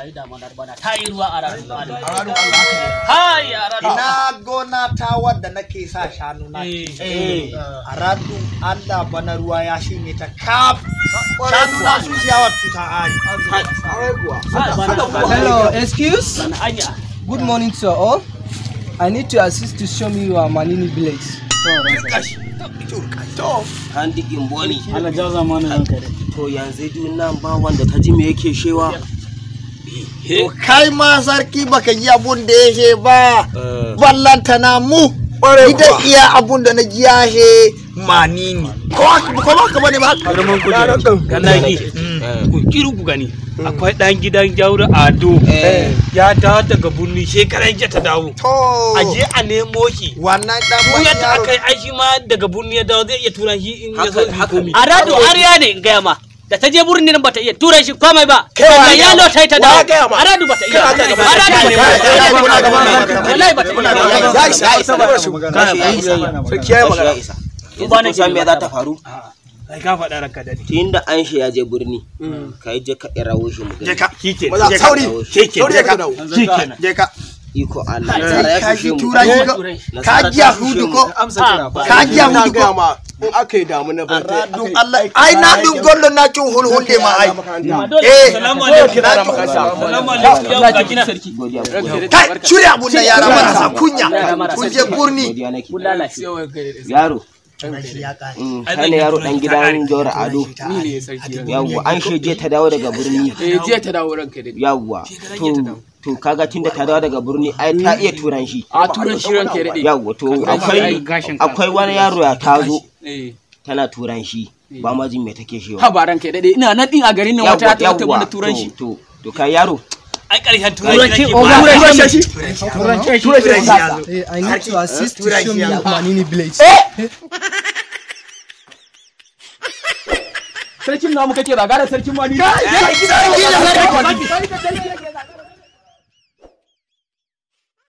ai da Allah ina gona ta wanda nake sa shanu na eh a ranar Allah bana ruwa ya shine ta kaf shanu na sun ciyawa cuta ai hello excuse good morning to all i need to assist to show me your manini village handikin boni ana jaza mana to yanzu duk nan ba wanda ta ji me yake shewa to kai ma sarki baka ji abun da yake ba eh. ballanta na mu idan iya abun da na ji yake mani ne ko ba ka bane ba karamin mm. eh. ku kiru ku gani mm. akwai dan gidan jauru ado eh. ya ta daga bunni shekaran jiya ta dawo a je a nemo shi wannan dan mu yadda aka yi aishi ma daga bunni ya dawo zai iya tura shi in ya so komi a rado arya ne ga gaya ma da ta je burin nan bata iya tura shi komai ba kai yalo ta ta da aradu bata iya aradu wallahi bata iya ya isa ya isa ya isa sai kiyaye magana isa in ba ne san me za ta faru Ai ka faɗa ranka da ni tunda an shi ya je burni kai hmm. je ka irawo shi mu gani. Je ka, kike je ka Sauri, kike je ka. Shi Je ka. iko Allah ka ji turanci yahudu ko ka yahudu ko in aka yi damu na barka don Allah ai na dun gollon na cin hulhul ne ma ai eh salamu alaikum na cin salamu alaikum ya sarki kai shirya abun nan yara marasa kunya kun je burni yaro mm, Hane yaro dan gidan Jawar Ado. Yawwa an sheje ta dawo daga birni. Eh je ta dawo ranka dai. Yawwa. To to kaga tunda ta dawo daga birni ai ta iya turanci a turanci ranke rade yawa to akwai akwai wani yaro ya tazo eh. tana turanci eh. ba ma jin me take shi ha ba ranke dade ina na din a garin nan wata ta ta wani turanci to to kai yaro ai ƙarshen turanci turan shi turan shi shi shi eh i need to assist to show me manini village eh! sarkin namu kake ba gara sarkin manini